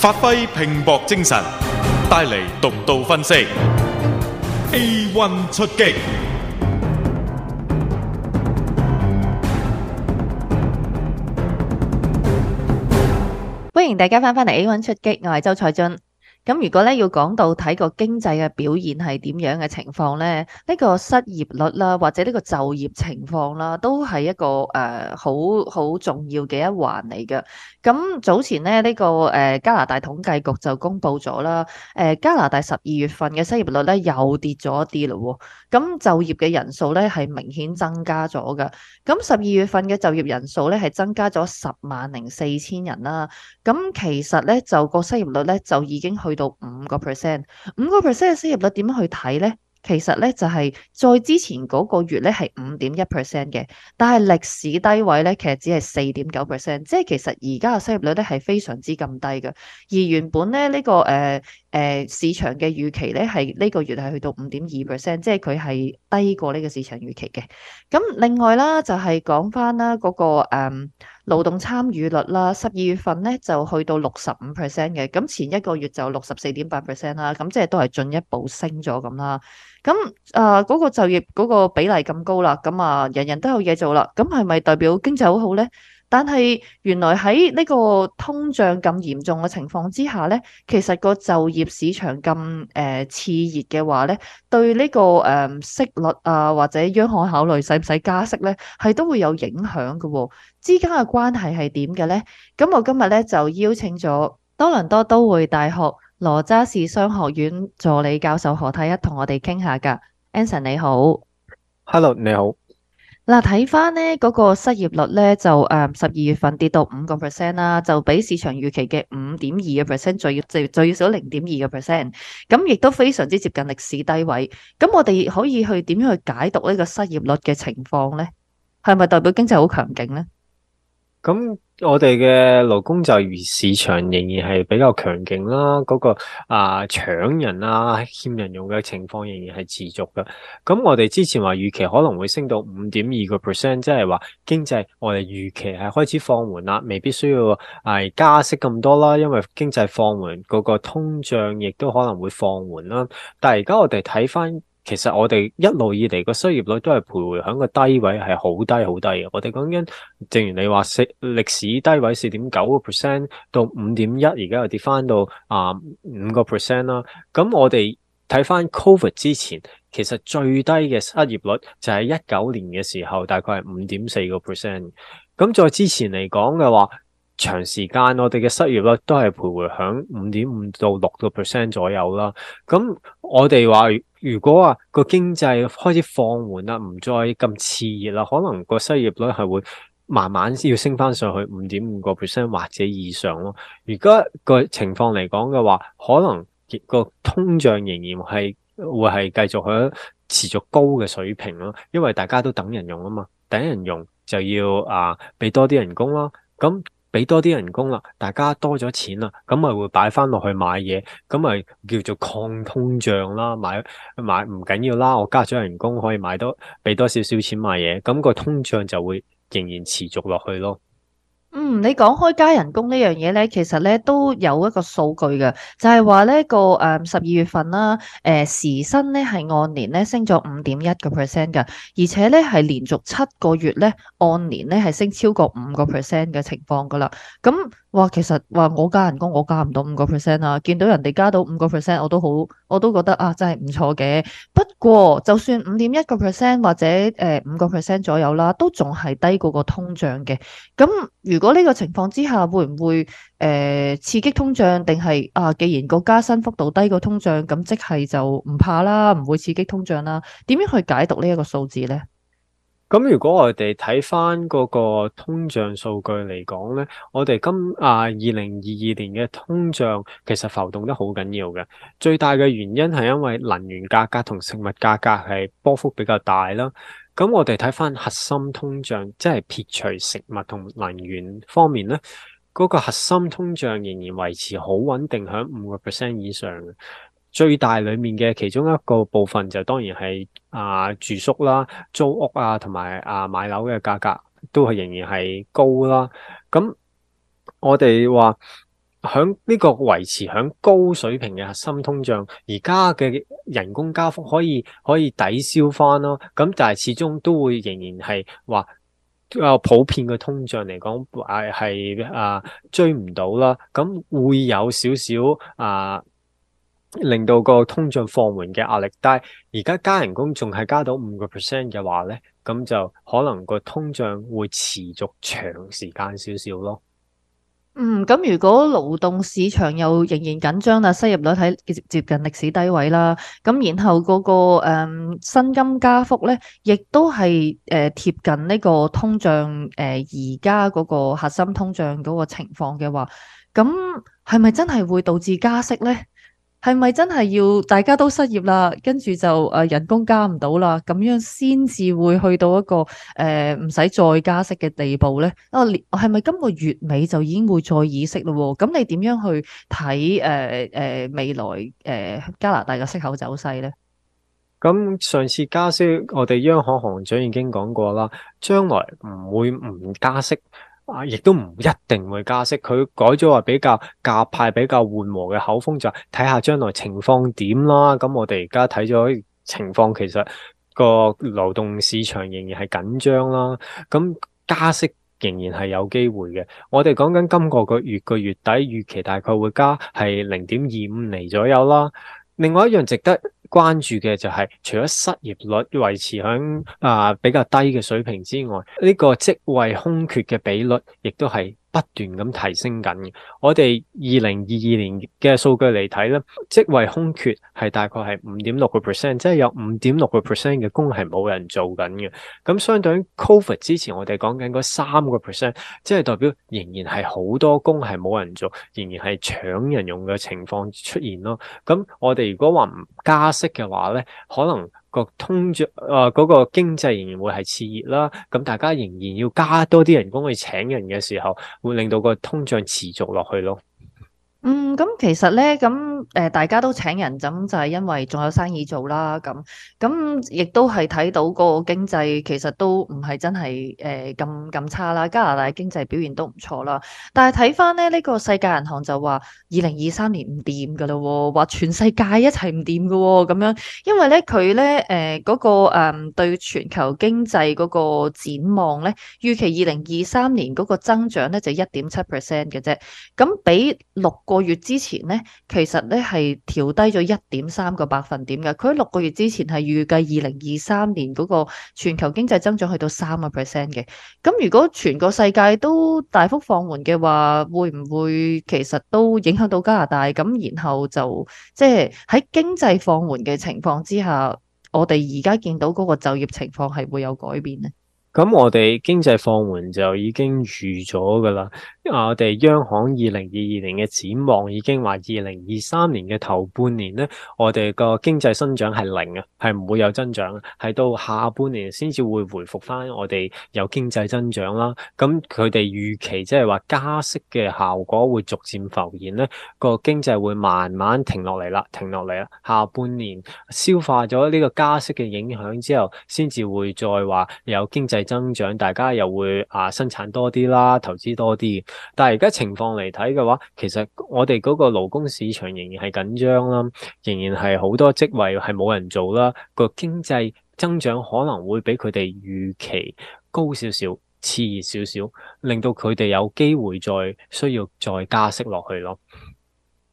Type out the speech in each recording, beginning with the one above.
發揮拼搏精神，帶嚟獨到分析。A one 出擊，歡迎大家翻返嚟，A one 出擊，我係周彩俊。咁如果咧要講到睇個經濟嘅表現係點樣嘅情況咧，呢個失業率啦，或者呢個就業情況啦，都係一個誒好好重要嘅一環嚟嘅。咁早前咧，呢個誒加拿大統計局就公布咗啦，誒加拿大十二月份嘅失業率咧又跌咗一啲咯，咁就業嘅人數咧係明顯增加咗嘅。咁十二月份嘅就業人數咧係增加咗十萬零四千人啦。咁其實咧就個失業率咧就已經去。到五個 percent，五個 percent 嘅失業率點樣去睇呢？其實呢，就係在之前嗰個月呢係五點一 percent 嘅，但係歷史低位呢，其實只係四點九 percent，即係其實而家嘅失業率呢係非常之咁低嘅。而原本咧呢、呢個誒誒、呃呃、市場嘅預期呢，係呢個月係去到五點二 percent，即係佢係低過呢個市場預期嘅。咁另外啦，就係講翻啦嗰個、嗯勞動參與率啦，十二月份咧就去到六十五 percent 嘅，咁前一個月就六十四點八 percent 啦，咁即係都係進一步升咗咁啦。咁啊，嗰、呃、嗰個就業嗰個比例咁高啦，咁啊，人人都有嘢做啦，咁係咪代表經濟好好咧？但係原來喺呢個通脹咁嚴重嘅情況之下咧，其實個就業市場咁誒熾熱嘅話咧，對呢、這個誒、呃、息率啊或者央行考慮使唔使加息咧，係都會有影響嘅喎。之間嘅關係係點嘅咧？咁我今日咧就邀請咗多倫多都會大學羅渣士商學院助理教授何太一同我哋傾下㗎。Anson 你好，Hello 你好。嗱，睇翻咧嗰個失業率咧就誒十二月份跌到五個 percent 啦，就比市場預期嘅五點二個 percent，再要最少零點二個 percent，咁亦都非常之接近歷史低位。咁我哋可以去點樣去解讀呢個失業率嘅情況咧？係咪代表經濟好強勁咧？咁我哋嘅勞工就如市場仍然係比較強勁啦，嗰、嗰個啊搶人啊欠人用嘅情況仍然係持續嘅。咁我哋之前話預期可能會升到五點二個 percent，即係話經濟我哋預期係開始放緩啦，未必需要係、哎、加息咁多啦，因為經濟放緩嗰、嗰個通脹亦都可能會放緩啦。但係而家我哋睇返。其實我哋一路以嚟個失業率都係徘徊喺個低位，係好低好低嘅。我哋講緊，正如你話四歷史低位四點九個 percent 到五點一，而家又跌翻到啊五個 percent 啦。咁我哋睇翻 COVID 之前，其實最低嘅失業率就係一九年嘅時候，大概係五點四個 percent。咁再之前嚟講嘅話。長時間我哋嘅失業率都係徘徊喺五點五到六個 percent 左右啦。咁我哋話如果啊個經濟開始放緩啦，唔再咁熾熱啦，可能個失業率係會慢慢先要升翻上去五點五個 percent 或者以上咯。而家個情況嚟講嘅話，可能個通脹仍然係會係繼續喺持續高嘅水平咯，因為大家都等人用啊嘛，等人用就要啊俾多啲人工咯，咁。畀多啲人工啦，大家多咗錢啦，咁咪會擺翻落去買嘢，咁咪叫做抗通脹啦。買買唔緊要啦，我加咗人工可以買多，畀多少少錢買嘢，咁個通脹就會仍然持續落去咯。嗯，你講開加人工呢樣嘢呢，其實呢都有一個數據噶，就係、是、話呢個誒十二月份啦，啊，誒、呃、時薪呢係按年呢升咗五點一個 percent 噶，而且呢係連續七個月呢按年呢係升超過五個 percent 嘅情況噶啦。咁，嗯、哇，其實話我，我加人工我加唔到五個 percent 啊，見到人哋加到五個 percent，我都好，我都覺得啊真係唔錯嘅。不過就算五點一個 percent 或者誒五個 percent 左右啦，都仲係低過個通脹嘅。咁，嗯、如如果呢個情況之下，會唔會誒刺激通脹？定係啊，既然個加薪幅度低過通脹，咁即係就唔怕啦，唔會刺激通脹啦。點樣去解讀呢一個數字呢？咁如果我哋睇翻嗰個通脹數據嚟講呢，我哋今啊二零二二年嘅通脹其實浮動得好緊要嘅。最大嘅原因係因為能源價格同食物價格係波幅比較大啦。咁我哋睇翻核心通脹，即係撇除食物同能源方面咧，嗰個核心通脹仍然維持好穩定喺五個 percent 以上。最大裡面嘅其中一個部分就當然係啊住宿啦、租屋啊同埋啊買樓嘅價格都係仍然係高啦。咁我哋話。響呢個維持響高水平嘅核心通脹，而家嘅人工加幅可以可以抵消翻咯，咁但係始終都會仍然係話啊普遍嘅通脹嚟講，係啊，啊追唔到啦，咁，啊，會有少少啊令到個通脹放緩嘅壓力。但係而家加人工仲係加到五個 percent 嘅話咧，咁就可能個通脹會持續長時間少少咯。嗯，咁如果勞動市場又仍然緊張啦，失業率喺接近歷史低位啦，咁然後嗰、那個誒薪、嗯、金加幅咧，亦都係誒貼近呢個通脹誒而家嗰個核心通脹嗰個情況嘅話，咁係咪真係會導致加息呢？係咪真係要大家都失業啦？跟住就誒、啊、人工加唔到啦，咁樣先至會去到一個誒唔使再加息嘅地步咧？哦、啊，係咪今個月尾就已經會再議息咯？咁你點樣去睇誒誒未來誒、呃、加拿大嘅息口走勢咧？咁上次加息，我哋央行行長已經講過啦，將來唔會唔加息。啊！亦都唔一定會加息，佢改咗話比較夾派、比較緩和嘅口風，就係睇下將來情況點啦。咁我哋而家睇咗情況，其實個流動市場仍然係緊張啦。咁加息仍然係有機會嘅。我哋講緊今個月個月個月底預期，大概會加係零點二五厘左右啦。另外一樣值得。關注嘅就係除咗失業率維持喺啊比較低嘅水平之外，呢個職位空缺嘅比率亦都係不斷咁提升緊嘅，我哋二零二二年嘅數據嚟睇咧，職位空缺係大概係五點六個 percent，即係有五點六個 percent 嘅工係冇人做緊嘅。咁相對應 COVID 之前我哋講緊嗰三個 percent，即係代表仍然係好多工係冇人做，仍然係搶人用嘅情況出現咯。咁我哋如果話唔加息嘅話咧，可能。個通脹啊，嗰、呃那個經濟仍然會係熾熱啦。咁大家仍然要加多啲人工去請人嘅時候，會令到個通脹持續落去咯。嗯，咁、嗯嗯、其實咧，咁、嗯。誒大家都請人，咁就係、是、因為仲有生意做啦。咁咁亦都係睇到個經濟其實都唔係真係誒咁咁差啦。加拿大經濟表現都唔錯啦。但係睇返咧呢、這個世界銀行就話二零二三年唔掂噶咯，話全世界一齊唔掂噶喎。咁樣因為咧佢咧誒嗰個誒、嗯、對全球經濟嗰個展望咧，預期二零二三年嗰個增長咧就一點七 percent 嘅啫。咁比六個月之前咧，其實咧係調低咗一點三個百分點嘅，佢喺六個月之前係預計二零二三年嗰個全球經濟增長去到三個 percent 嘅。咁如果全個世界都大幅放緩嘅話，會唔會其實都影響到加拿大？咁然後就即係喺經濟放緩嘅情況之下，我哋而家見到嗰個就業情況係會有改變呢？咁我哋經濟放緩就已經預咗噶啦啊我哋央行二零二二年嘅展望已經話二零二三年嘅頭半年咧，我哋個經濟增長係零啊，係唔會有增長啊，係到下半年先至會回復翻我哋有經濟增長啦。咁佢哋預期即係話加息嘅效果會逐漸浮現咧，個經濟會慢慢停落嚟啦，停落嚟啦。下半年消化咗呢個加息嘅影響之後，先至會再話有經濟。增長，大家又會啊生產多啲啦，投資多啲。但係而家情況嚟睇嘅話，其實我哋嗰個勞工市場仍然係緊張啦，仍然係好多職位係冇人做啦。個經濟增長可能會比佢哋預期高少少，熾熱少少，令到佢哋有機會再需要再加息落去咯。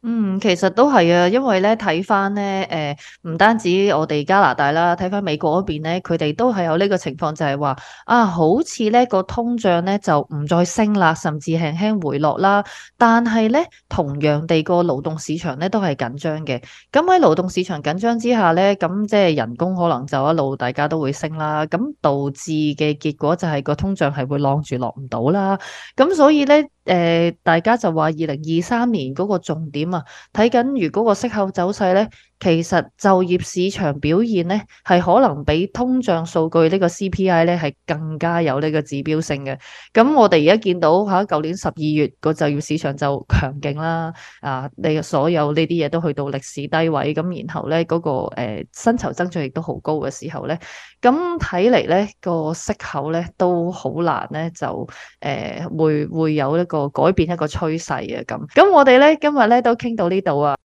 嗯，其實都係啊，因為咧睇翻咧，誒唔、呃、單止我哋加拿大啦，睇翻美國嗰邊咧，佢哋都係有呢個情況就，就係話啊，好似咧個通脹咧就唔再升啦，甚至輕輕回落啦。但係咧，同樣地個勞動市場咧都係緊張嘅。咁喺勞動市場緊張之下咧，咁即係人工可能就一路大家都會升啦。咁導致嘅結果就係個通脹係會晾住落唔到啦。咁所以咧。誒，大家就話二零二三年嗰個重點啊，睇緊如果個息口走勢呢。其實就業市場表現咧，係可能比通脹數據呢個 CPI 咧係更加有呢個指標性嘅。咁我哋而家見到吓，啊、舊年十二月個就業市場就強勁啦，啊，你所有呢啲嘢都去到歷史低位，咁然後咧嗰、嗰個誒薪酬增長亦都好高嘅時候咧，咁睇嚟咧個息口咧都好難咧就誒、呃、會會有一個改變一個趨勢啊咁。咁我哋咧今日咧都傾到呢度啊。